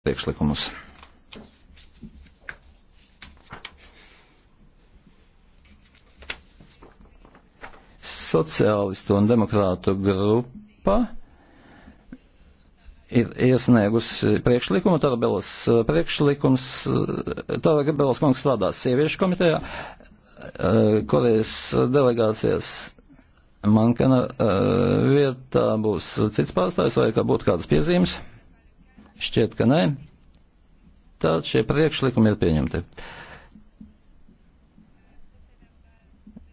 priekšlikumus. Sociālistu un demokrātu grupa ir iesniegusi priekšlikumu, Tarabelas eh, priekšlikums, eh, Tarabelas kungs strādā sieviešu komitejā, eh, Korejas delegācijas Mankana vietā būs cits pārstājs vai kā būtu kādas piezīmes. Šķiet, ka nē. Tad šie priekšlikumi ir pieņemti.